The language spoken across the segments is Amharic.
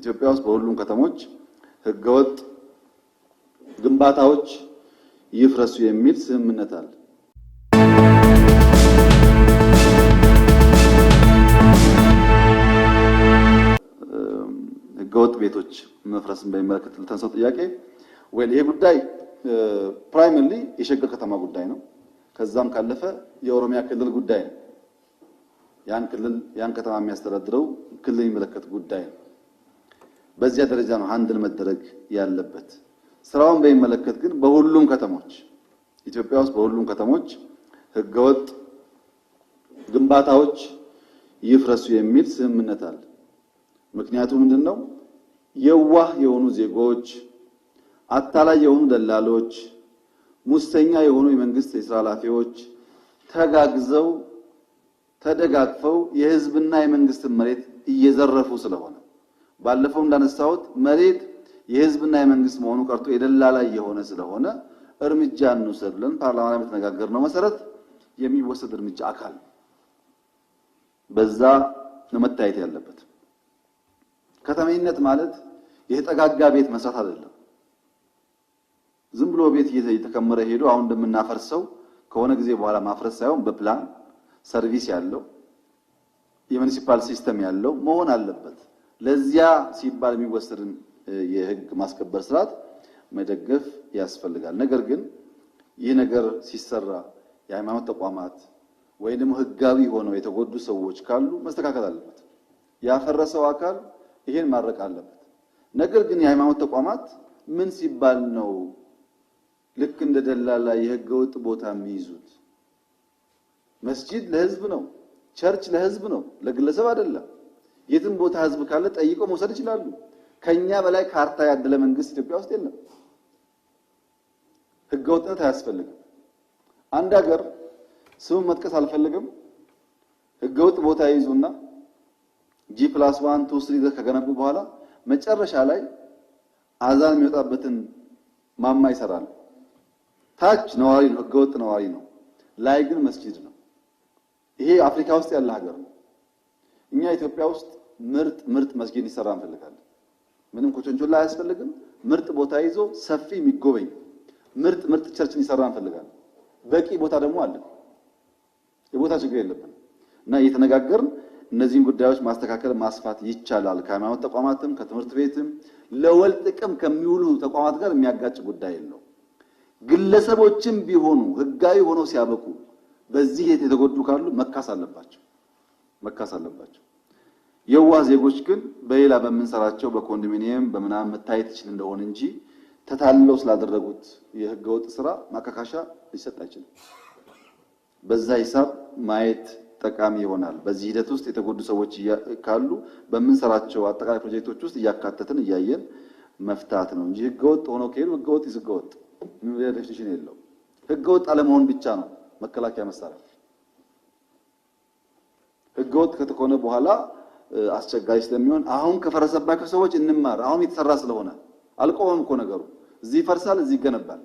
ኢትዮጵያ ውስጥ በሁሉም ከተሞች ህገወጥ ግንባታዎች ይፍረሱ የሚል ስምምነት አለ። ህገወጥ ቤቶች መፍረስን በሚመለከት ለተነሳው ጥያቄ ወይ ይሄ ጉዳይ ፕራይመሪሊ የሸገር ከተማ ጉዳይ ነው። ከዛም ካለፈ የኦሮሚያ ክልል ጉዳይ ነው። ያን ክልል ያን ከተማ የሚያስተዳድረው ክልል የሚመለከት ጉዳይ ነው። በዚያ ደረጃ ነው ሃንድል መደረግ ያለበት። ስራውን በሚመለከት ግን በሁሉም ከተሞች ኢትዮጵያ ውስጥ በሁሉም ከተሞች ህገወጥ ግንባታዎች ይፍረሱ የሚል ስምምነት አለ። ምክንያቱ ምንድነው? የዋህ የሆኑ ዜጎች፣ አታላይ የሆኑ ደላሎች፣ ሙሰኛ የሆኑ የመንግስት የስራ ኃላፊዎች ተጋግዘው ተደጋግፈው የህዝብና የመንግስትን መሬት እየዘረፉ ስለሆነ ባለፈው እንዳነሳሁት መሬት የህዝብና የመንግስት መሆኑ ቀርቶ የደላ ላይ የሆነ ስለሆነ እርምጃ እንውሰድ ብለን ፓርላማ ላይ በተነጋገርነው መሰረት የሚወሰድ እርምጃ አካል በዛ ነው መታየት ያለበት። ከተሜነት ማለት የተጠጋጋ ቤት መስራት አይደለም። ዝም ብሎ ቤት እየተከመረ ሄዶ አሁን እንደምናፈርሰው ከሆነ ጊዜ በኋላ ማፍረስ ሳይሆን በፕላን ሰርቪስ ያለው የሙኒሲፓል ሲስተም ያለው መሆን አለበት። ለዚያ ሲባል የሚወሰድን የህግ ማስከበር ስርዓት መደገፍ ያስፈልጋል። ነገር ግን ይህ ነገር ሲሰራ የሃይማኖት ተቋማት ወይም ደግሞ ህጋዊ ሆነው የተጎዱ ሰዎች ካሉ መስተካከል አለበት። ያፈረሰው አካል ይሄን ማድረቅ አለበት። ነገር ግን የሃይማኖት ተቋማት ምን ሲባል ነው ልክ እንደ ደላላ የህገ ወጥ ቦታ የሚይዙት? መስጂድ ለህዝብ ነው። ቸርች ለህዝብ ነው፣ ለግለሰብ አይደለም። የትም ቦታ ህዝብ ካለ ጠይቆ መውሰድ ይችላሉ። ከኛ በላይ ካርታ ያደለ መንግስት ኢትዮጵያ ውስጥ የለም። ወጥነት አያስፈልግም። አንድ ሀገር ስሙን መጥቀስ አልፈልግም፣ ህገወጥ ቦታ ይይዙና ጂ ፕላስ ዋን ይዘህ ከገነቡ በኋላ መጨረሻ ላይ አዛን የሚወጣበትን ማማ ይሰራል። ታች ነዋሪ ነው፣ ህገወጥ ነዋሪ ነው፣ ላይ ግን መስጂድ ነው። ይሄ አፍሪካ ውስጥ ያለ ሀገር ነው። እኛ ኢትዮጵያ ውስጥ ምርጥ ምርጥ መስጊድ ይሰራ እንፈልጋለን። ምንም ኮቸንቾላ አያስፈልግም። ምርጥ ቦታ ይዞ ሰፊ የሚጎበኝ ምርጥ ምርጥ ቸርችን ይሰራ እንፈልጋለን። በቂ ቦታ ደግሞ አለ። የቦታ ችግር የለብን እና እየተነጋገርን እነዚህን ጉዳዮች ማስተካከል ማስፋት ይቻላል። ከሃይማኖት ተቋማትም ከትምህርት ቤትም ለወል ጥቅም ከሚውሉ ተቋማት ጋር የሚያጋጭ ጉዳይ የለው። ግለሰቦችም ቢሆኑ ህጋዊ ሆነው ሲያበቁ በዚህ የተጎዱ ካሉ መካስ አለባቸው መካስ አለባቸው። የዋህ ዜጎች ግን በሌላ በምንሰራቸው በኮንዶሚኒየም በምናምን መታየት ይችል እንደሆነ እንጂ ተታለው ስላደረጉት የህገወጥ ስራ ማካካሻ ሊሰጥ አይችልም። በዛ ሂሳብ ማየት ጠቃሚ ይሆናል። በዚህ ሂደት ውስጥ የተጎዱ ሰዎች ካሉ በምንሰራቸው አጠቃላይ ፕሮጀክቶች ውስጥ እያካተትን እያየን መፍታት ነው እንጂ ህገወጥ ሆኖ ከሄዱ ህገወጥ ይዝ ህገወጥ ዴፊኒሽን የለው። ህገወጥ አለመሆን ብቻ ነው መከላከያ መሳሪያ። ህገወጥ ከተኮነ በኋላ አስቸጋሪ ስለሚሆን አሁን ከፈረሰባቸው ሰዎች እንማር። አሁን የተሰራ ስለሆነ አልቀውም እኮ ነገሩ። እዚህ ይፈርሳል፣ እዚህ ይገነባል።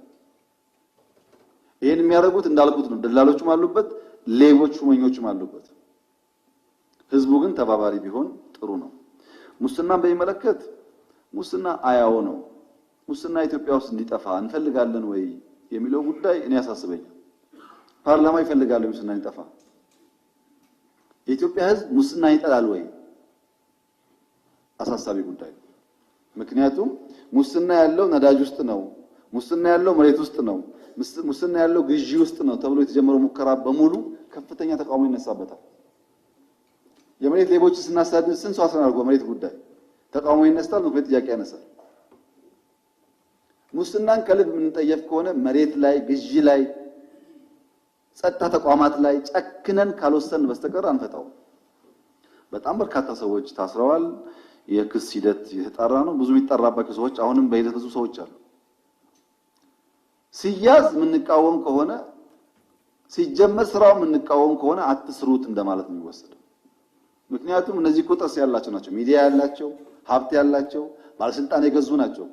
ይህን የሚያደርጉት እንዳልኩት ነው። ደላሎቹም አሉበት፣ ሌቦች ሹመኞችም አሉበት። ህዝቡ ግን ተባባሪ ቢሆን ጥሩ ነው። ሙስናን በሚመለከት ሙስና አያው ነው። ሙስና ኢትዮጵያ ውስጥ እንዲጠፋ እንፈልጋለን ወይ የሚለው ጉዳይ እኔ ያሳስበኛል። ፓርላማ ይፈልጋል ሙስና እንዲጠፋ። የኢትዮጵያ ህዝብ ሙስና ይጠላል ወይ? አሳሳቢ ጉዳይ ነው። ምክንያቱም ሙስና ያለው ነዳጅ ውስጥ ነው፣ ሙስና ያለው መሬት ውስጥ ነው፣ ሙስና ያለው ግዢ ውስጥ ነው ተብሎ የተጀመረው ሙከራ በሙሉ ከፍተኛ ተቃውሞ ይነሳበታል። የመሬት ሌቦች ስናሳድድ ስንት ሰው አስረናል። መሬት ጉዳይ ተቃውሞ ይነሳል፣ ምክር ቤት ጥያቄ ያነሳል። ሙስናን ከልብ የምንጠየፍ ከሆነ መሬት ላይ ግዢ ላይ ጸጥታ ተቋማት ላይ ጨክነን ካልወሰን በስተቀር አንፈጣው በጣም በርካታ ሰዎች ታስረዋል። የክስ ሂደት የተጣራ ነው። ብዙ የሚጠራባቸው ሰዎች አሁንም በሂደት ብዙ ሰዎች አሉ። ሲያዝ የምንቃወም ከሆነ ሲጀመር ስራው የምንቃወም ከሆነ አትስሩት እንደማለት ነው የሚወሰደው። ምክንያቱም እነዚህ እኮ ያላቸው ናቸው፣ ሚዲያ ያላቸው፣ ሀብት ያላቸው፣ ባለስልጣን የገዙ ናቸው።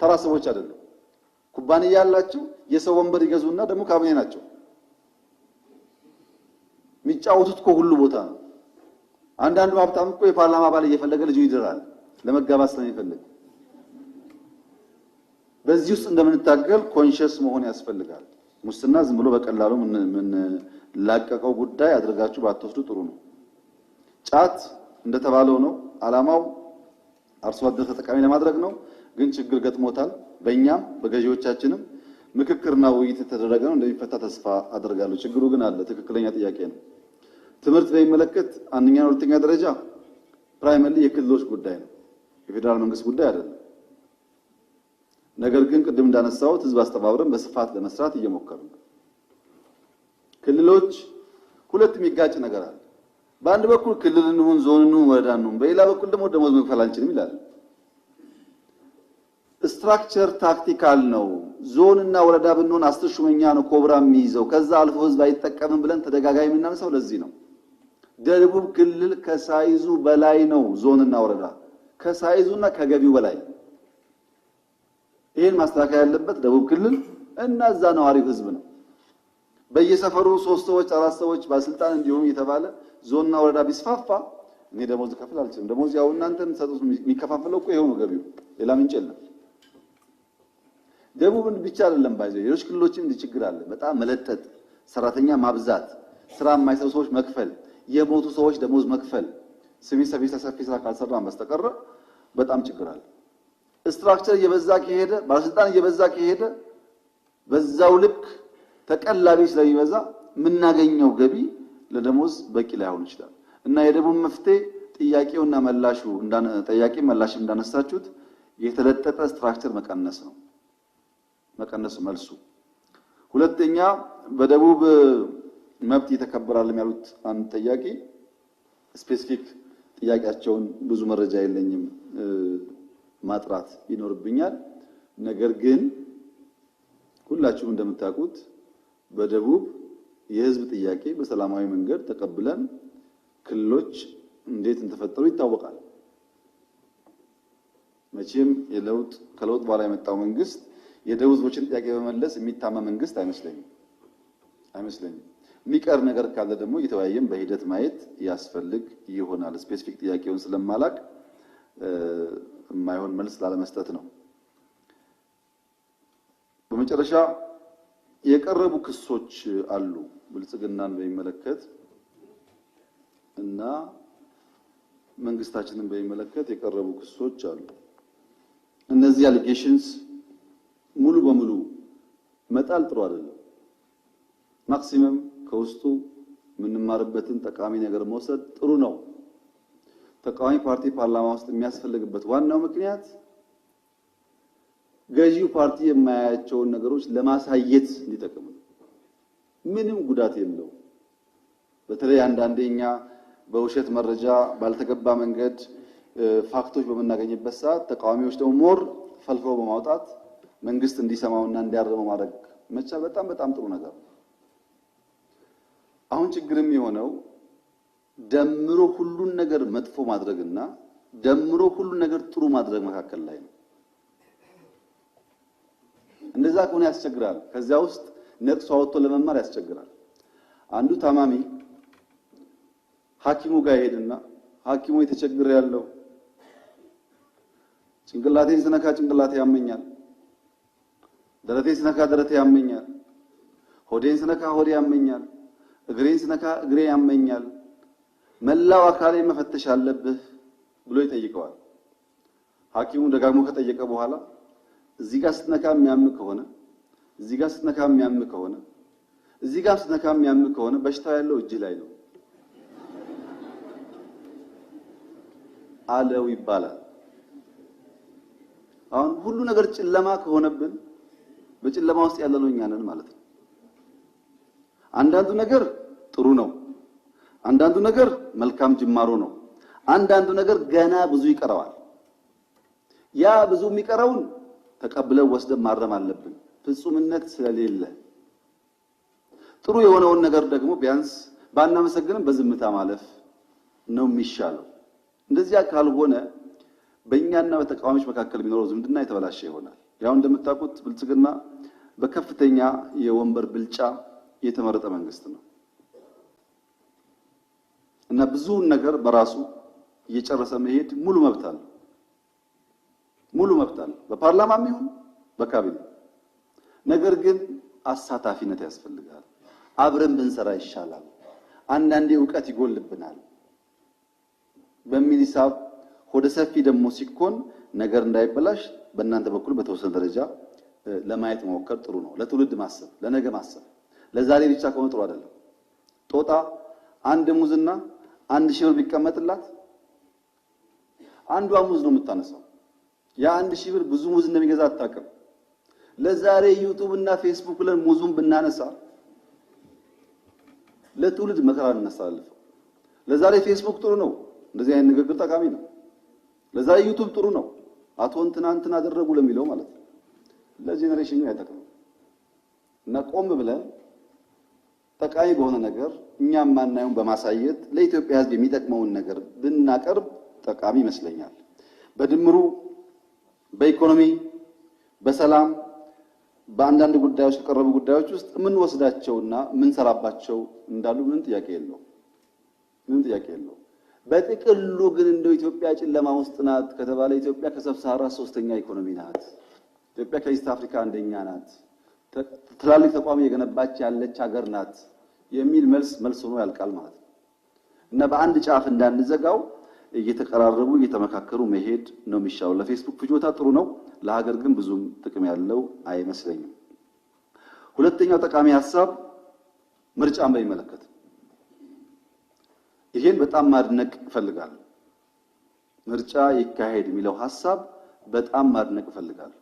ተራ ሰዎች አይደሉም። ኩባንያ ያላቸው የሰው ወንበር ይገዙና ደግሞ ካቢኔ ናቸው። የሚጫወቱት እኮ ሁሉ ቦታ ነው። አንዳንዱ ሀብታም እኮ የፓርላማ አባል እየፈለገ ልጁ ይድራል ለመጋባት ስለሚፈልግ። በዚህ ውስጥ እንደምንታገል ኮንሽስ መሆን ያስፈልጋል። ሙስና ዝም ብሎ በቀላሉ የምንላቀቀው ጉዳይ አድርጋችሁ ባትወስዱ ጥሩ ነው። ጫት እንደተባለው ነው። አላማው አርሶ አደር ተጠቃሚ ለማድረግ ነው። ግን ችግር ገጥሞታል። በእኛም በገዢዎቻችንም ምክክርና ውይይት የተደረገ ነው። እንደሚፈታ ተስፋ አደርጋለሁ። ችግሩ ግን አለ። ትክክለኛ ጥያቄ ነው። ትምህርት በሚመለከት አንደኛና ሁለተኛ ደረጃ ፕራይመሪ የክልሎች ጉዳይ ነው፣ የፌዴራል መንግስት ጉዳይ አይደለም። ነገር ግን ቅድም እንዳነሳሁት ህዝብ አስተባብረን በስፋት ለመስራት እየሞከሩ ነው። ክልሎች ሁለት የሚጋጭ ነገር አለ። በአንድ በኩል ክልል እንሁን፣ ዞን እንሁን፣ ወረዳ እንሁን፣ በሌላ በኩል ደግሞ ደሞዝ መክፈል አንችልም ይላል። ስትራክቸር ታክቲካል ነው። ዞንና ወረዳ ብንሆን አስር ሹመኛ ነው ኮብራ የሚይዘው ከዛ አልፎ ህዝብ አይጠቀምም ብለን ተደጋጋሚ የምናነሳው ለዚህ ነው። ደቡብ ክልል ከሳይዙ በላይ ነው። ዞንና ወረዳ ከሳይዙና ከገቢው በላይ ይህን ማስተካከል ያለበት ደቡብ ክልል እና እዛ ነዋሪው ህዝብ ነው። በየሰፈሩ ሶስት ሰዎች አራት ሰዎች ባለስልጣን እንዲሁም እየተባለ ዞንና ወረዳ ቢስፋፋ እኔ ደሞዝ ከፍል አልችልም። ደሞዝ ያው እናንተ የምትሰጡት የሚከፋፈለው እኮ ይሄው ነው፣ ገቢው ሌላ ምንጭ የለም። ደቡብን ብቻ አይደለም ባይዘ ሌሎች ክልሎችም እንዲችግር አለ። በጣም መለጠጥ፣ ሰራተኛ ማብዛት፣ ስራ የማይሰሩ ሰዎች መክፈል የሞቱ ሰዎች ደሞዝ መክፈል ሲቪል ሰርቪስ ሰፊ ስራ ካልሰራን በስተቀረ በጣም ችግር አለ። ስትራክቸር እየበዛ ከሄደ ባለስልጣን እየበዛ ከሄደ በዛው ልክ ተቀላቢ ስለሚበዛ የምናገኘው ገቢ ለደሞዝ በቂ ላይሆን ይችላል እና የደቡብ መፍትሄ ጥያቄውና መላሹ ጠያቂ መላሽ እንዳነሳችሁት የተለጠጠ ስትራክቸር መቀነስ ነው መቀነሱ መልሱ። ሁለተኛ በደቡብ መብት እየተከበራለም ያሉት አንድ ጠያቂ ስፔሲፊክ ጥያቄያቸውን ብዙ መረጃ የለኝም ማጥራት ይኖርብኛል። ነገር ግን ሁላችሁም እንደምታውቁት በደቡብ የህዝብ ጥያቄ በሰላማዊ መንገድ ተቀብለን ክልሎች እንዴት እንተፈጠሩ ይታወቃል። መቼም የለውጥ ከለውጥ በኋላ የመጣው መንግስት የደቡብ ህዝቦችን ጥያቄ በመለስ የሚታማ መንግስት አይመስለኝም አይመስለኝም። የሚቀር ነገር ካለ ደግሞ እየተወያየን በሂደት ማየት ያስፈልግ ይሆናል። ስፔሲፊክ ጥያቄውን ስለማላቅ የማይሆን መልስ ላለመስጠት ነው። በመጨረሻ የቀረቡ ክሶች አሉ ብልጽግናን በሚመለከት እና መንግስታችንን በሚመለከት የቀረቡ ክሶች አሉ። እነዚህ አሊጌሽንስ ሙሉ በሙሉ መጣል ጥሩ አይደለም። ማክሲመም ከውስጡ የምንማርበትን ጠቃሚ ነገር መውሰድ ጥሩ ነው። ተቃዋሚ ፓርቲ ፓርላማ ውስጥ የሚያስፈልግበት ዋናው ምክንያት ገዢው ፓርቲ የማያያቸውን ነገሮች ለማሳየት እንዲጠቅም ነው። ምንም ጉዳት የለው። በተለይ አንዳንዴ እኛ በውሸት መረጃ ባልተገባ መንገድ ፋክቶች በምናገኝበት ሰዓት ተቃዋሚዎች ደግሞ ሞር ፈልፈው በማውጣት መንግስት እንዲሰማውና እንዲያርመው ማድረግ መቻል በጣም በጣም ጥሩ ነገር ነው። አሁን ችግርም የሆነው ደምሮ ሁሉን ነገር መጥፎ ማድረግና ደምሮ ሁሉን ነገር ጥሩ ማድረግ መካከል ላይ ነው። እንደዛ ከሆነ ያስቸግራል። ከዚያ ውስጥ ነቅሶ አውጥቶ ለመማር ያስቸግራል። አንዱ ታማሚ ሐኪሙ ጋር ይሄድና ሐኪሙ የተቸግረ ያለው ጭንቅላቴን ስነካ ጭንቅላቴ ያመኛል፣ ደረቴን ስነካ ደረቴ ያመኛል፣ ሆዴን ስነካ ሆዴ ያመኛል እግሬን ስነካ እግሬ ያመኛል፣ መላው አካሌ መፈተሽ አለብህ ብሎ ይጠይቀዋል። ሐኪሙ ደጋግሞ ከጠየቀ በኋላ እዚህ ጋር ስትነካ የሚያም ከሆነ እዚህ ጋር ስትነካ የሚያም ከሆነ እዚህ ጋር ስትነካ የሚያም ከሆነ በሽታው ያለው እጅ ላይ ነው አለው ይባላል። አሁን ሁሉ ነገር ጨለማ ከሆነብን በጨለማ ውስጥ ያለነው እኛ ነን ማለት ነው። አንዳንዱ ነገር ጥሩ ነው። አንዳንዱ ነገር መልካም ጅማሮ ነው። አንዳንዱ ነገር ገና ብዙ ይቀረዋል። ያ ብዙ የሚቀረውን ተቀብለን ወስደን ማረም አለብን። ፍጹምነት ስለሌለ ጥሩ የሆነውን ነገር ደግሞ ቢያንስ ባናመሰግንም በዝምታ ማለፍ ነው የሚሻለው። እንደዚያ ካልሆነ በእኛና በተቃዋሚዎች መካከል የሚኖረው ዝምድና የተበላሸ ይሆናል። ያው እንደምታውቁት ብልጽግና በከፍተኛ የወንበር ብልጫ የተመረጠ መንግስት ነው እና ብዙውን ነገር በራሱ እየጨረሰ መሄድ ሙሉ መብት አለ። ሙሉ መብት አለ፣ በፓርላማም ይሁን በካቢኔ። ነገር ግን አሳታፊነት ያስፈልጋል። አብረን ብንሰራ ይሻላል፣ አንዳንዴ እውቀት ይጎልብናል በሚል ሂሳብ ወደ ሰፊ ደግሞ ሲኮን ነገር እንዳይበላሽ በእናንተ በኩል በተወሰነ ደረጃ ለማየት መሞከር ጥሩ ነው። ለትውልድ ማሰብ፣ ለነገ ማሰብ ለዛሬ ብቻ ከሆነ ጥሩ አይደለም። ጦጣ አንድ ሙዝና አንድ ሺህ ብር ቢቀመጥላት አንዷ ሙዝ ነው የምታነሳው። ያ አንድ ሺህ ብር ብዙ ሙዝ እንደሚገዛ አታውቅም። ለዛሬ ዩቱብ እና ፌስቡክ ብለን ሙዙን ብናነሳ ለትውልድ መከራ እናሳልፍ። ለዛሬ ፌስቡክ ጥሩ ነው፣ እንደዚህ አይነት ንግግር ጠቃሚ ነው። ለዛሬ ዩቱብ ጥሩ ነው፣ አቶ እንትና እንትና አደረጉ ለሚለው ማለት ነው። ለጄኔሬሽኑ አይጠቅምም እና ቆም ብለን ጠቃሚ በሆነ ነገር እኛም ማናየውን በማሳየት ለኢትዮጵያ ሕዝብ የሚጠቅመውን ነገር ብናቀርብ ጠቃሚ ይመስለኛል። በድምሩ በኢኮኖሚ፣ በሰላም፣ በአንዳንድ ጉዳዮች ከቀረቡ ጉዳዮች ውስጥ የምንወስዳቸውና የምንሰራባቸው እንዳሉ ምንም ጥያቄ የለው ምንም ጥያቄ የለው። በጥቅሉ ግን እንደው ኢትዮጵያ ጨለማ ውስጥ ናት ከተባለ ኢትዮጵያ ከሰብሳራ ሶስተኛ ኢኮኖሚ ናት። ኢትዮጵያ ከኢስት አፍሪካ አንደኛ ናት። ትላልቅ ተቋም እየገነባች ያለች ሀገር ናት የሚል መልስ መልስ ሆኖ ያልቃል ማለት ነው እና በአንድ ጫፍ እንዳንዘጋው እየተቀራረቡ እየተመካከሩ መሄድ ነው የሚሻው። ለፌስቡክ ፍጆታ ጥሩ ነው፣ ለሀገር ግን ብዙም ጥቅም ያለው አይመስለኝም። ሁለተኛው ጠቃሚ ሀሳብ ምርጫን በሚመለከት ይሄን በጣም ማድነቅ እፈልጋለሁ። ምርጫ ይካሄድ የሚለው ሀሳብ በጣም ማድነቅ እፈልጋለሁ።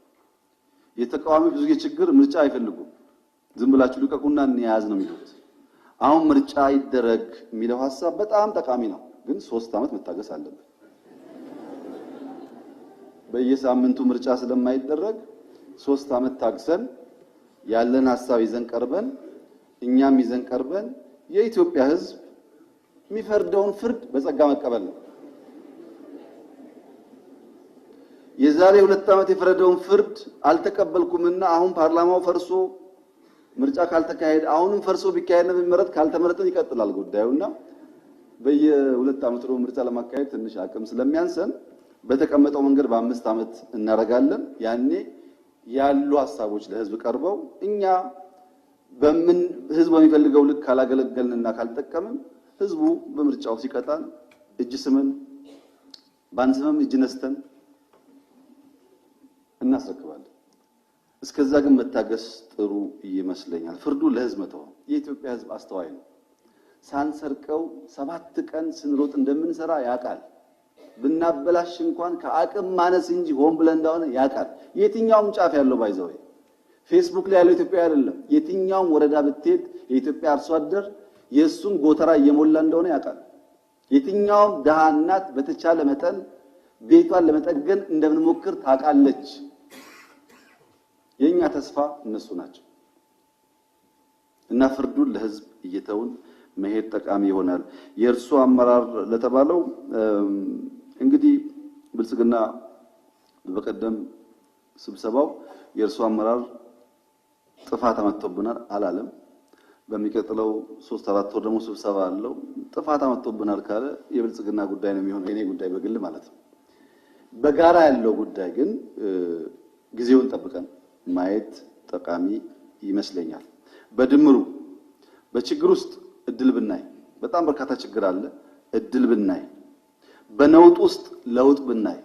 የተቃዋሚ ብዙ ጊዜ ችግር ምርጫ አይፈልጉም። ዝም ብላችሁ ልቀቁና እንያዝ ነው የሚሉት። አሁን ምርጫ ይደረግ የሚለው ሀሳብ በጣም ጠቃሚ ነው፣ ግን ሶስት ዓመት መታገስ አለብን። በየሳምንቱ ምርጫ ስለማይደረግ ሶስት ዓመት ታግሰን ያለን ሀሳብ ይዘን ቀርበን እኛም ይዘን ቀርበን የኢትዮጵያ ሕዝብ የሚፈርደውን ፍርድ በጸጋ መቀበል ነው። የዛሬ ሁለት ዓመት የፈረደውን ፍርድ አልተቀበልኩምና አሁን ፓርላማው ፈርሶ ምርጫ ካልተካሄደ አሁንም ፈርሶ ቢካሄድ ነው የሚመረጥ፣ ካልተመረጥን ይቀጥላል ጉዳዩና በየሁለት ዓመት ደግሞ ምርጫ ለማካሄድ ትንሽ አቅም ስለሚያንሰን በተቀመጠው መንገድ በአምስት ዓመት እናደርጋለን። ያኔ ያሉ ሀሳቦች ለህዝብ ቀርበው እኛ በምን ህዝብ በሚፈልገው ልክ ካላገለገልንና ካልጠቀምን ህዝቡ በምርጫው ሲቀጣን እጅ ስምን ባንስመም እጅ ነስተን እናስረክባለን። እስከዛ ግን መታገስ ጥሩ ይመስለኛል። ፍርዱ ለህዝብ መተው። የኢትዮጵያ ህዝብ አስተዋይ ነው። ሳንሰርቀው ሰባት ቀን ስንሮጥ እንደምንሰራ ያውቃል። ብናበላሽ እንኳን ከአቅም ማነስ እንጂ ሆን ብለን እንደሆነ ያውቃል። የትኛውም ጫፍ ያለው ባይዘው ፌስቡክ ላይ ያለው ኢትዮጵያ አይደለም። የትኛውም ወረዳ ብትሄድ የኢትዮጵያ አርሶ አደር የእሱን ጎተራ እየሞላ እንደሆነ ያውቃል። የትኛውም ድሃ እናት በተቻለ መጠን ቤቷን ለመጠገን እንደምንሞክር ታውቃለች። የኛ ተስፋ እነሱ ናቸው እና ፍርዱን ለህዝብ እየተውን መሄድ ጠቃሚ ይሆናል። የእርሱ አመራር ለተባለው እንግዲህ ብልጽግና በቀደም ስብሰባው የእርሱ አመራር ጥፋት አመጥቶብናል አላለም። በሚቀጥለው ሶስት አራት ወር ደግሞ ስብሰባ አለው። ጥፋት አመጥቶብናል ካለ የብልጽግና ጉዳይ ነው የሚሆነው፣ የኔ ጉዳይ በግል ማለት ነው። በጋራ ያለው ጉዳይ ግን ጊዜውን ጠብቀን ማየት ጠቃሚ ይመስለኛል። በድምሩ በችግር ውስጥ እድል ብናይ በጣም በርካታ ችግር አለ። እድል ብናይ፣ በነውጥ ውስጥ ለውጥ ብናይ፣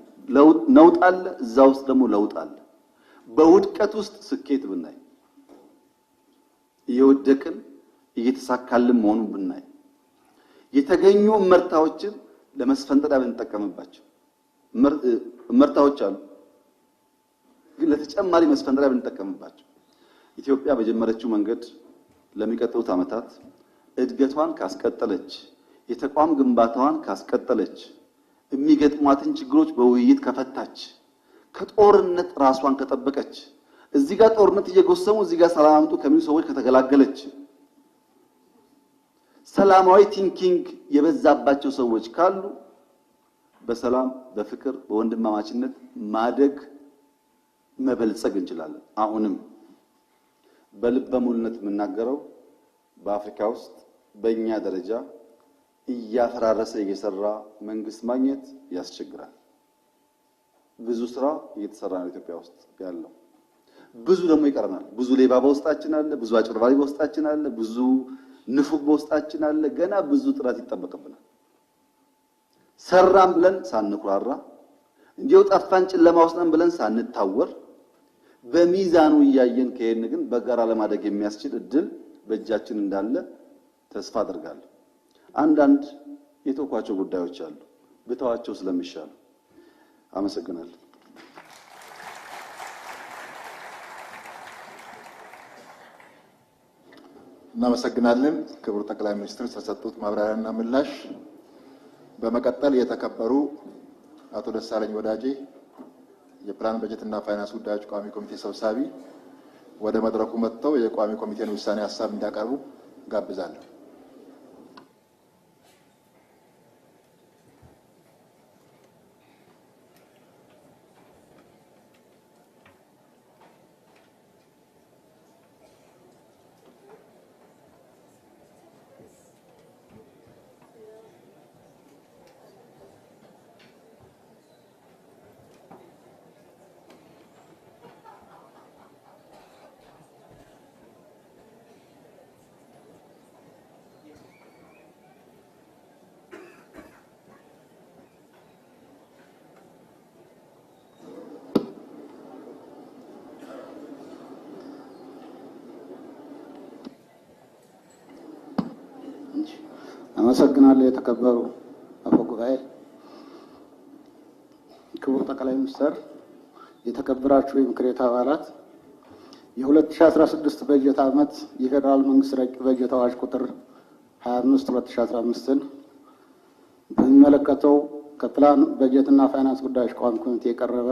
ነውጥ አለ፣ እዛ ውስጥ ደግሞ ለውጥ አለ። በውድቀት ውስጥ ስኬት ብናይ፣ እየወደቅን እየተሳካልን መሆኑን ብናይ፣ የተገኙ እመርታዎችን ለመስፈንጠሪያ ብንጠቀምባቸው እመርታዎች አሉ። ግን ለተጨማሪ መስፈንጠሪያ ብንጠቀምባቸው ኢትዮጵያ በጀመረችው መንገድ ለሚቀጥሉት ዓመታት እድገቷን ካስቀጠለች፣ የተቋም ግንባታዋን ካስቀጠለች፣ የሚገጥሟትን ችግሮች በውይይት ከፈታች፣ ከጦርነት ራሷን ከጠበቀች፣ እዚህ ጋር ጦርነት እየጎሰሙ እዚህ ጋር ሰላም አምጡ ከሚሉ ሰዎች ከተገላገለች፣ ሰላማዊ ቲንኪንግ የበዛባቸው ሰዎች ካሉ በሰላም በፍቅር በወንድማማችነት ማደግ መበልጸግ እንችላለን። አሁንም በልበ ሙሉነት የምናገረው በአፍሪካ ውስጥ በእኛ ደረጃ እያፈራረሰ እየሰራ መንግስት ማግኘት ያስቸግራል። ብዙ ስራ እየተሰራ ነው ኢትዮጵያ ውስጥ ያለው። ብዙ ደግሞ ይቀርናል። ብዙ ሌባ በውስጣችን አለ፣ ብዙ አጭበርባሪ በውስጣችን አለ፣ ብዙ ንፉግ በውስጣችን አለ። ገና ብዙ ጥረት ይጠበቅብናል። ሰራም ብለን ሳንኩራራ እንዲሁ ጠፋን ጨለማ ውስጥ ነን ብለን ሳንታወር በሚዛኑ እያየን ከሄን ግን በጋራ ለማደግ የሚያስችል እድል በእጃችን እንዳለ ተስፋ አድርጋለሁ። አንዳንድ የተውኳቸው ጉዳዮች አሉ፣ ብተዋቸው ስለሚሻሉ። አመሰግናለሁ። እናመሰግናለን ክቡር ጠቅላይ ሚኒስትር ስለሰጡት ማብራሪያና ምላሽ። በመቀጠል የተከበሩ አቶ ደሳለኝ ወዳጄ የፕላን በጀትና ፋይናንስ ጉዳዮች ቋሚ ኮሚቴ ሰብሳቢ ወደ መድረኩ መጥተው የቋሚ ኮሚቴን ውሳኔ ሀሳብ እንዲያቀርቡ ጋብዛለሁ። አመሰግናለሁ። የተከበሩ አፈ ጉባኤ፣ ክቡር ጠቅላይ ሚኒስትር፣ የተከበራችሁ የምክር ቤት አባላት፣ የ2016 በጀት ዓመት የፌዴራል መንግስት ረቂቅ በጀት አዋጅ ቁጥር 25 2015ን በሚመለከተው ከፕላን በጀትና ፋይናንስ ጉዳዮች ቋሚ ኮሚቴ የቀረበ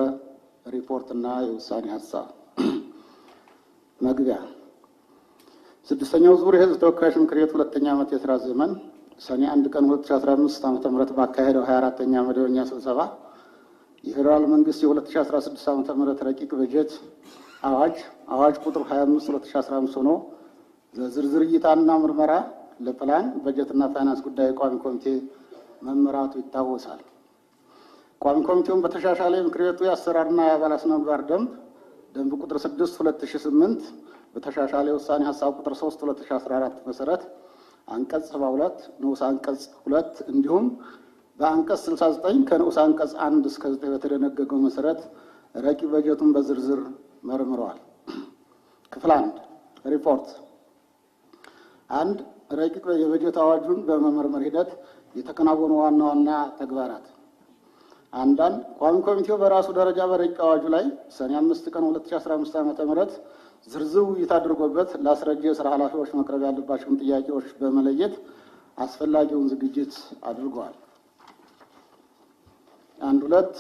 ሪፖርትና የውሳኔ ሀሳብ መግቢያ ስድስተኛው ዙር የህዝብ ተወካዮች ምክር ቤት ሁለተኛ ዓመት የስራ ዘመን ሰኔ አንድ ቀን 2015 ዓ ም ባካሄደው 24ተኛ መደበኛ ስብሰባ የፌዴራል መንግስት የ2016 ዓ ም ረቂቅ በጀት አዋጅ አዋጅ ቁጥር 25 2015 ሆኖ ለዝርዝር እይታና ምርመራ ለፕላን በጀትና ፋይናንስ ጉዳይ ቋሚ ኮሚቴ መመራቱ ይታወሳል። ቋሚ ኮሚቴውን በተሻሻለ የምክር ቤቱ የአሰራርና የአባላት ስነ ምግባር ደንብ ደንብ ቁጥር 6 2008 በተሻሻለ የውሳኔ ሀሳብ ቁጥር 3 2014 መሰረት አንቀጽ 72 ንዑስ አንቀጽ 2 እንዲሁም በአንቀጽ 69 ከንዑስ አንቀጽ 1 እስከ 9 በተደነገገው መሰረት ረቂቅ በጀቱን በዝርዝር መርምረዋል። ክፍል 1 ሪፖርት አንድ ረቂቅ የበጀት አዋጁን በመመርመር ሂደት የተከናወኑ ዋና ዋና ተግባራት አንዳንድ ቋሚ ኮሚቴው በራሱ ደረጃ በረቂቅ አዋጁ ላይ ሰኔ 5 ቀን 2015 ዓ.ም ዝርዝር ውይይት አድርጎበት ለአስረጂ የስራ ኃላፊዎች መቅረብ ያለባቸውን ጥያቄዎች በመለየት አስፈላጊውን ዝግጅት አድርገዋል። አንድ ሁለት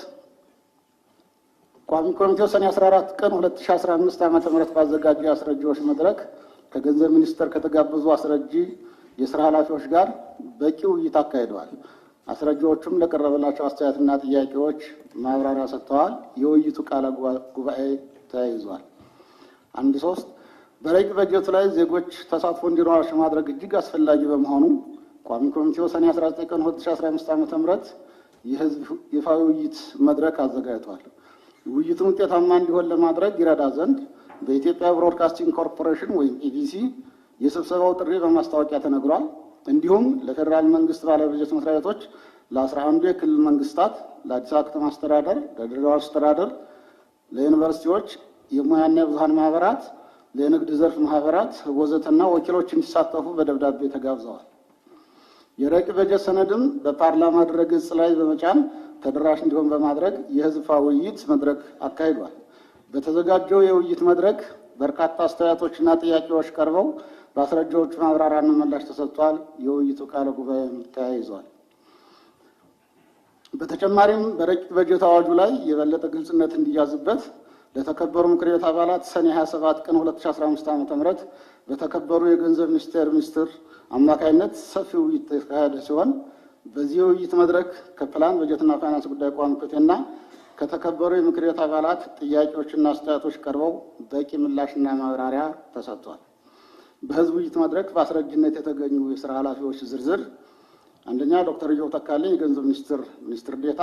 ቋሚ ኮሚቴው ሰኔ 14 ቀን 2015 ም ባዘጋጀው የአስረጂዎች መድረክ ከገንዘብ ሚኒስቴር ከተጋበዙ አስረጂ የስራ ኃላፊዎች ጋር በቂ ውይይት አካሂደዋል። አስረጂዎቹም ለቀረበላቸው አስተያየትና ጥያቄዎች ማብራሪያ ሰጥተዋል። የውይይቱ ቃለ ጉባኤ ተያይዟል። አንድ ሶስት በረቂቅ በጀቱ ላይ ዜጎች ተሳትፎ እንዲኖራቸው ማድረግ እጅግ አስፈላጊ በመሆኑ ቋሚ ኮሚቴው ሰኔ 19 ቀን 2015 ዓ ም የህዝብ ይፋዊ ውይይት መድረክ አዘጋጅቷል። ውይይቱን ውጤታማ እንዲሆን ለማድረግ ይረዳ ዘንድ በኢትዮጵያ ብሮድካስቲንግ ኮርፖሬሽን ወይም ኢቢሲ የስብሰባው ጥሪ በማስታወቂያ ተነግሯል። እንዲሁም ለፌዴራል መንግስት ባለበጀት መስሪያ ቤቶች፣ ለ11ዱ የክልል መንግስታት፣ ለአዲስ አበባ ከተማ አስተዳደር፣ ለድሬዳዋ አስተዳደር፣ ለዩኒቨርሲቲዎች የሙያና የብዙሀን ማህበራት፣ የንግድ ዘርፍ ማህበራት ወዘተና ወኪሎች እንዲሳተፉ በደብዳቤ ተጋብዘዋል። የረቂ በጀት ሰነድም በፓርላማ ድረገጽ ላይ በመጫን ተደራሽ እንዲሆን በማድረግ የህዝብ ውይይት መድረክ አካሂዷል። በተዘጋጀው የውይይት መድረክ በርካታ አስተያየቶችና ጥያቄዎች ቀርበው በአስረጃዎቹ ማብራሪያና ምላሽ ተሰጥቷል። የውይይቱ ቃለ ጉባኤም ተያይዟል። በተጨማሪም በረቂቅ በጀት አዋጁ ላይ የበለጠ ግልጽነት እንዲያዝበት ለተከበሩ ምክር ቤት አባላት ሰኔ 27 ቀን 2015 ዓ ም በተከበሩ የገንዘብ ሚኒስቴር ሚኒስትር አማካይነት ሰፊ ውይይት የተካሄደ ሲሆን በዚህ ውይይት መድረክ ከፕላን በጀትና ፋይናንስ ጉዳይ ቋሚ ኮሚቴና ከተከበሩ የምክር ቤት አባላት ጥያቄዎችና አስተያየቶች ቀርበው በቂ ምላሽና ማብራሪያ ተሰጥቷል። በህዝብ ውይይት መድረክ በአስረጅነት የተገኙ የስራ ኃላፊዎች ዝርዝር አንደኛ ዶክተር እዮብ ተካልኝ የገንዘብ ሚኒስትር ሚኒስትር ዴታ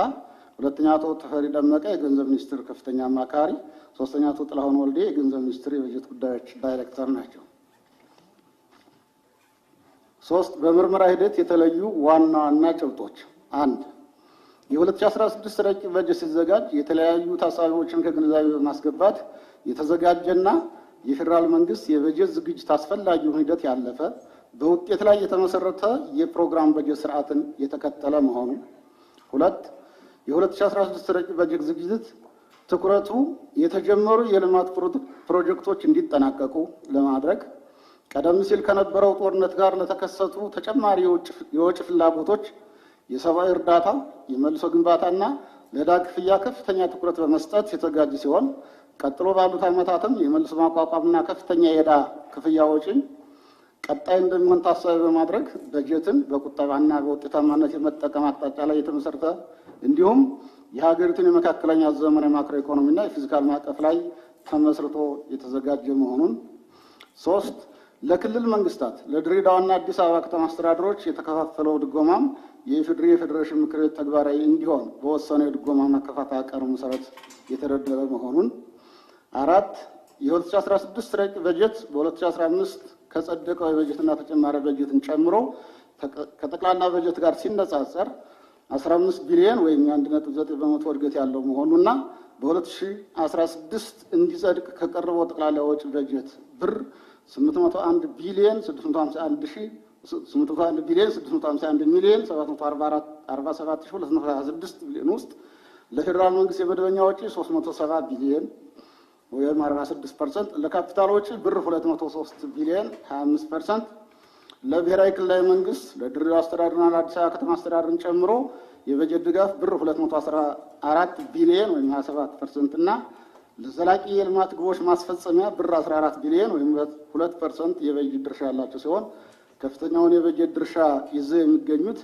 ሁለተኛ አቶ ተፈሪ ደመቀ የገንዘብ ሚኒስትር ከፍተኛ አማካሪ፣ ሶስተኛ አቶ ጥላሁን ወልዴ የገንዘብ ሚኒስትር የበጀት ጉዳዮች ዳይሬክተር ናቸው። ሶስት በምርመራ ሂደት የተለዩ ዋና ዋና ጭብጦች፣ አንድ የ2016 ረቂቅ በጀት ሲዘጋጅ የተለያዩ ታሳቢዎችን ከግንዛቤ በማስገባት የተዘጋጀና የፌዴራል መንግስት የበጀት ዝግጅት አስፈላጊውን ሂደት ያለፈ በውጤት ላይ የተመሰረተ የፕሮግራም በጀት ስርዓትን የተከተለ መሆኑ። ሁለት የ2016 በጀት ዝግጅት ትኩረቱ የተጀመሩ የልማት ፕሮጀክቶች እንዲጠናቀቁ ለማድረግ ቀደም ሲል ከነበረው ጦርነት ጋር ለተከሰቱ ተጨማሪ የወጪ ፍላጎቶች የሰብአዊ እርዳታ፣ የመልሶ ግንባታና ለዕዳ ክፍያ ከፍተኛ ትኩረት በመስጠት የተዘጋጀ ሲሆን ቀጥሎ ባሉት ዓመታትም የመልሶ ማቋቋምና ከፍተኛ የዕዳ ክፍያ ወጪን ቀጣይ እንደሚሆን ታሳቢ በማድረግ በጀትን በቁጠባና በውጤታማነት የመጠቀም አቅጣጫ ላይ የተመሰረተ እንዲሁም የሀገሪቱን የመካከለኛ ዘመን የማክሮ ኢኮኖሚና የፊዚካል ማዕቀፍ ላይ ተመስርቶ የተዘጋጀ መሆኑን፣ ሶስት ለክልል መንግስታት ለድሬዳዋና አዲስ አበባ ከተማ አስተዳደሮች የተከፋፈለው ድጎማም የኢፌዴሪ የፌዴሬሽን ምክር ቤት ተግባራዊ እንዲሆን በወሰነው የድጎማ መከፋፈያ ቀር መሰረት የተደለለ መሆኑን፣ አራት የ2016 ረቂቅ በጀት በ2015 ከጸደቀው የበጀትና ተጨማሪ በጀትን ጨምሮ ከጠቅላላ በጀት ጋር ሲነጻጸር 15 ቢሊዮን ወይም 1.9 በመቶ እድገት ያለው መሆኑና በ2016 እንዲጸድቅ ከቀረበው ጠቅላላ ወጪ በጀት ብር 801 ቢሊዮን 651 ቢሊዮን 651 ሚሊዮን 747,226 ቢሊዮን ውስጥ ለፌዴራል መንግስት የመደበኛ ወጪ 370 ቢሊዮን ወይም 46 ፐርሰንት፣ ወጪ ብር 203 ቢሊዮን 25 ፐርሰንት፣ ለብሔራዊ ክልላዊ መንግስት ለድሬዳዋ አስተዳደርና ለአዲስ አበባ ከተማ አስተዳደርን ጨምሮ የበጀት ድጋፍ ብር 214 ቢሊዮን ወይም 27 ፐርሰንት እና ለዘላቂ የልማት ግቦች ማስፈጸሚያ ብር 14 ቢሊዮን ወይም 2 ፐርሰንት የበጀት ድርሻ ያላቸው ሲሆን ከፍተኛውን የበጀት ድርሻ ይዘው የሚገኙት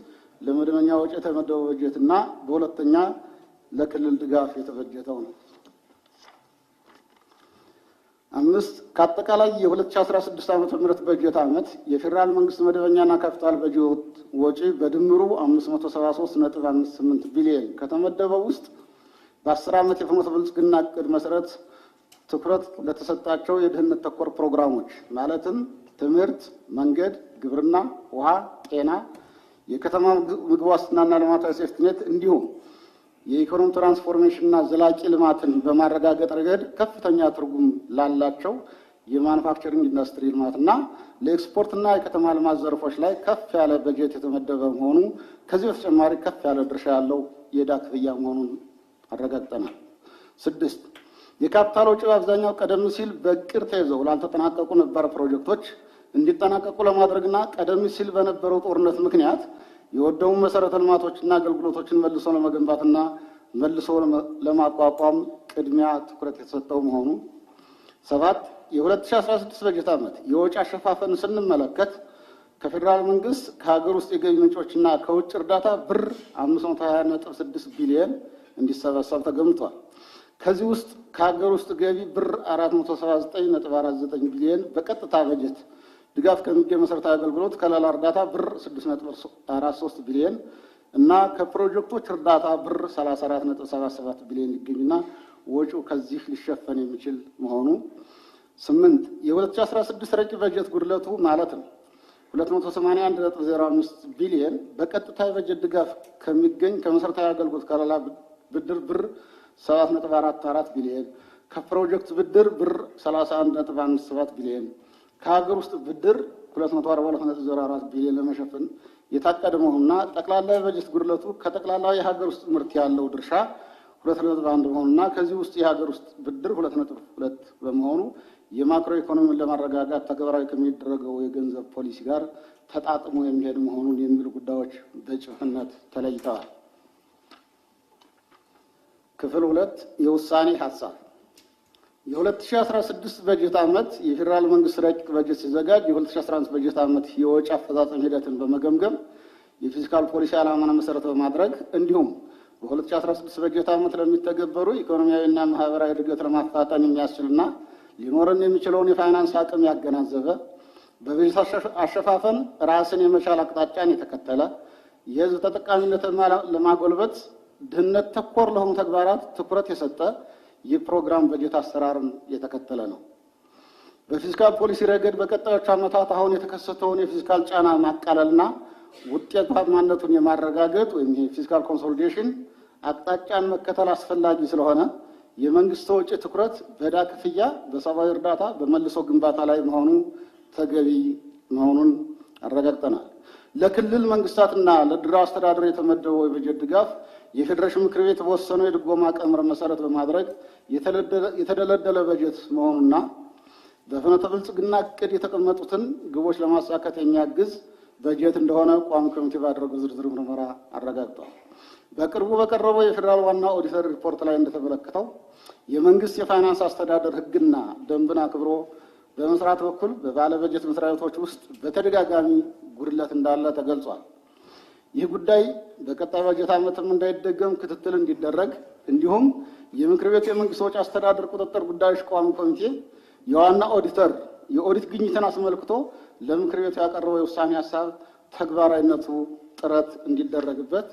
ለመደበኛ ወጪ የተመደበው በጀት እና በሁለተኛ ለክልል ድጋፍ የተበጀተው ነው። አምስት ከአጠቃላይ የ2016 ዓ ም በጀት ዓመት የፌዴራል መንግስት መደበኛና ካፒታል በጀት ወጪ በድምሩ 573.58 ቢሊዮን ከተመደበው ውስጥ በ10 ዓመት የፍኖተ ብልጽግና እቅድ መሰረት ትኩረት ለተሰጣቸው የድህነት ተኮር ፕሮግራሞች ማለትም ትምህርት፣ መንገድ፣ ግብርና፣ ውሃ፣ ጤና፣ የከተማ ምግብ ዋስትናና ልማታዊ ሴፍትኔት እንዲሁም የኢኮኖሚ ትራንስፎርሜሽንና ዘላቂ ልማትን በማረጋገጥ ረገድ ከፍተኛ ትርጉም ላላቸው የማኑፋክቸሪንግ ኢንዱስትሪ ልማትና ለኤክስፖርትና የከተማ ልማት ዘርፎች ላይ ከፍ ያለ በጀት የተመደበ መሆኑ ከዚህ በተጨማሪ ከፍ ያለ ድርሻ ያለው የዕዳ ክፍያ መሆኑን አረጋግጠናል። ስድስት የካፒታል ወጪ በአብዛኛው ቀደም ሲል በቅር ተይዘው ላልተጠናቀቁ ነባር ፕሮጀክቶች እንዲጠናቀቁ ለማድረግና ቀደም ሲል በነበረው ጦርነት ምክንያት የወደሙ መሰረተ ልማቶችና አገልግሎቶችን መልሶ ለመገንባትና መልሶ ለማቋቋም ቅድሚያ ትኩረት የተሰጠው መሆኑ። ሰባት የ2016 በጀት ዓመት የወጪ አሸፋፈን ስንመለከት ከፌዴራል መንግስት ከሀገር ውስጥ የገቢ ምንጮችና ከውጭ እርዳታ ብር 526 ቢሊዮን እንዲሰበሰብ ተገምቷል። ከዚህ ውስጥ ከሀገር ውስጥ ገቢ ብር 479.49 ቢሊዮን በቀጥታ በጀት ድጋፍ ከሚገኝ መሰረታዊ አገልግሎት ከለላ እርዳታ ብር 6.43 ቢሊዮን እና ከፕሮጀክቶች እርዳታ ብር 34.77 ቢሊዮን ይገኝና ወጪው ከዚህ ሊሸፈን የሚችል መሆኑ። ስምንት የ2016 ረቂ በጀት ጉድለቱ ማለት ነው። 281.05 ቢሊዮን በቀጥታ የበጀት ድጋፍ ከሚገኝ ከመሰረታዊ አገልግሎት ከለላ ብድር ብር 7.44 ቢሊዮን ከፕሮጀክት ብድር ብር 31.57 ቢሊዮን ከሀገር ውስጥ ብድር 242.04 ቢሊዮን ለመሸፈን የታቀደ መሆኑና ጠቅላላ የበጀት ጉድለቱ ከጠቅላላ የሀገር ውስጥ ምርት ያለው ድርሻ 2.1 በመሆኑና ከዚህ ውስጥ የሀገር ውስጥ ብድር 2.2 በመሆኑ የማክሮ ኢኮኖሚን ለማረጋጋት ተግባራዊ ከሚደረገው የገንዘብ ፖሊሲ ጋር ተጣጥሞ የሚሄድ መሆኑን የሚሉ ጉዳዮች በጭፍነት ተለይተዋል። ክፍል ሁለት የውሳኔ ሀሳብ የ2016 በጀት ዓመት የፌዴራል መንግስት ረቂቅ በጀት ሲዘጋጅ የ2015 በጀት ዓመት የወጪ አፈጻጸም ሂደትን በመገምገም የፊዚካል ፖሊሲ ዓላማን መሰረት በማድረግ እንዲሁም በ2016 በጀት ዓመት ለሚተገበሩ ኢኮኖሚያዊና ማህበራዊ እድገት ለማፋጠን የሚያስችልና ሊኖርን የሚችለውን የፋይናንስ አቅም ያገናዘበ በበጀት አሸፋፈን ራስን የመቻል አቅጣጫን የተከተለ የህዝብ ተጠቃሚነትን ለማጎልበት ድህነት ተኮር ለሆኑ ተግባራት ትኩረት የሰጠ ይህ ፕሮግራም በጀት አሰራርን የተከተለ ነው። በፊዚካል ፖሊሲ ረገድ በቀጣዮቹ ዓመታት አሁን የተከሰተውን የፊዚካል ጫና ማቃለልና ውጤታማነቱን የማረጋገጥ ወይም ፊዚካል ኮንሶሊዴሽን አቅጣጫን መከተል አስፈላጊ ስለሆነ የመንግስት ወጪ ትኩረት በዕዳ ክፍያ፣ በሰብአዊ እርዳታ፣ በመልሶ ግንባታ ላይ መሆኑ ተገቢ መሆኑን አረጋግጠናል። ለክልል መንግስታትና ለድራ አስተዳደር የተመደበው የበጀት ድጋፍ የፌዴሬሽን ምክር ቤት በወሰነው የድጎማ ቀመር መሰረት በማድረግ የተደለደለ በጀት መሆኑና በፍኖተ ብልጽግና እቅድ የተቀመጡትን ግቦች ለማሳካት የሚያግዝ በጀት እንደሆነ ቋሚ ኮሚቴ ባደረገው ዝርዝር ምርመራ አረጋግጧል። በቅርቡ በቀረበው የፌዴራል ዋና ኦዲተር ሪፖርት ላይ እንደተመለከተው የመንግስት የፋይናንስ አስተዳደር ሕግና ደንብን አክብሮ በመስራት በኩል በባለበጀት መስሪያ ቤቶች ውስጥ በተደጋጋሚ ጉድለት እንዳለ ተገልጿል። ይህ ጉዳይ በቀጣይ በጀት ዓመትም እንዳይደገም ክትትል እንዲደረግ እንዲሁም የምክር ቤቱ የመንግስት ወጪ አስተዳደር ቁጥጥር ጉዳዮች ቋሚ ኮሚቴ የዋና ኦዲተር የኦዲት ግኝትን አስመልክቶ ለምክር ቤቱ ያቀረበው የውሳኔ ሀሳብ ተግባራዊነቱ ጥረት እንዲደረግበት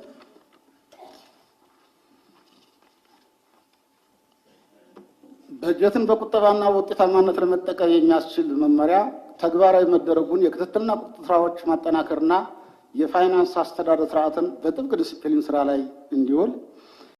በጀትን በቁጠባና በውጤታማነት ለመጠቀም የሚያስችል መመሪያ ተግባራዊ መደረጉን የክትትልና ቁጥጥር ስራዎች ማጠናከርና የፋይናንስ አስተዳደር ስርዓትን በጥብቅ ዲሲፕሊን ስራ ላይ እንዲውል